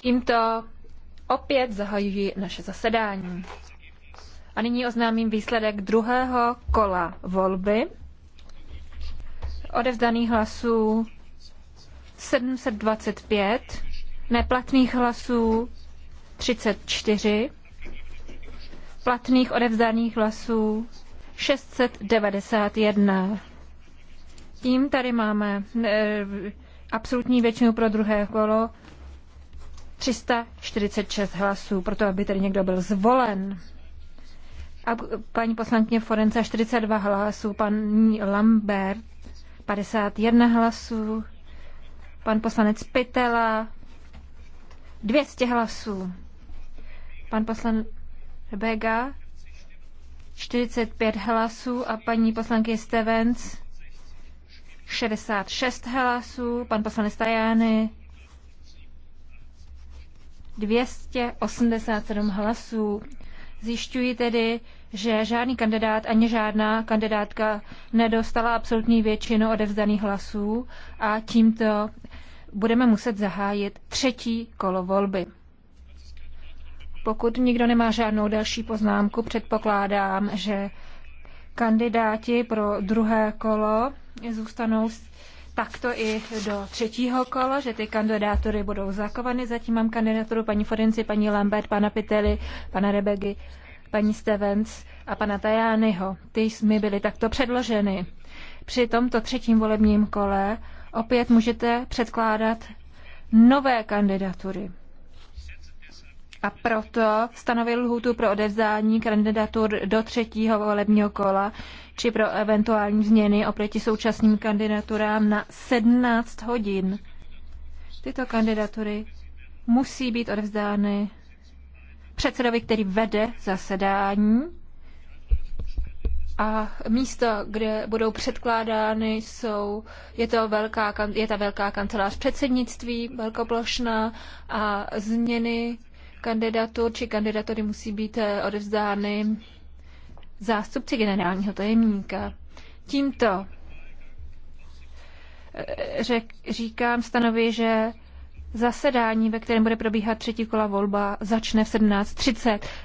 Tímto opět zahajuji naše zasedání. A nyní oznámím výsledek druhého kola volby. Odevzdaných hlasů 725, neplatných hlasů 34, platných odevzdaných hlasů 691. Tím tady máme eh, absolutní většinu pro druhé kolo 346 hlasů, proto aby tedy někdo byl zvolen. A paní poslankyně Forenca 42 hlasů, paní Lambert 51 hlasů, pan poslanec Pitela 200 hlasů, pan poslanec Bega 45 hlasů a paní poslankyně Stevens 66 hlasů, pan poslanec Tajány 287 hlasů. Zjišťuji tedy, že žádný kandidát ani žádná kandidátka nedostala absolutní většinu odevzdaných hlasů a tímto budeme muset zahájit třetí kolo volby. Pokud nikdo nemá žádnou další poznámku, předpokládám, že kandidáti pro druhé kolo zůstanou takto i do třetího kola, že ty kandidátory budou zakovany. Zatím mám kandidaturu paní Forenci, paní Lambert, pana Piteli, pana Rebegy, paní Stevens a pana Tajányho. Ty jsme byly takto předloženy. Při tomto třetím volebním kole opět můžete předkládat nové kandidatury a proto stanovil lhůtu pro odevzdání kandidatur do třetího volebního kola či pro eventuální změny oproti současným kandidaturám na 17 hodin. Tyto kandidatury musí být odevzdány předsedovi, který vede zasedání a místo, kde budou předkládány, jsou, je, to velká, je ta velká kancelář předsednictví, velkoplošná a změny kandidatur či kandidatury musí být eh, odevzdány zástupci generálního tajemníka. Tímto eh, řek, říkám, stanoví, že zasedání, ve kterém bude probíhat třetí kola volba, začne v 17.30.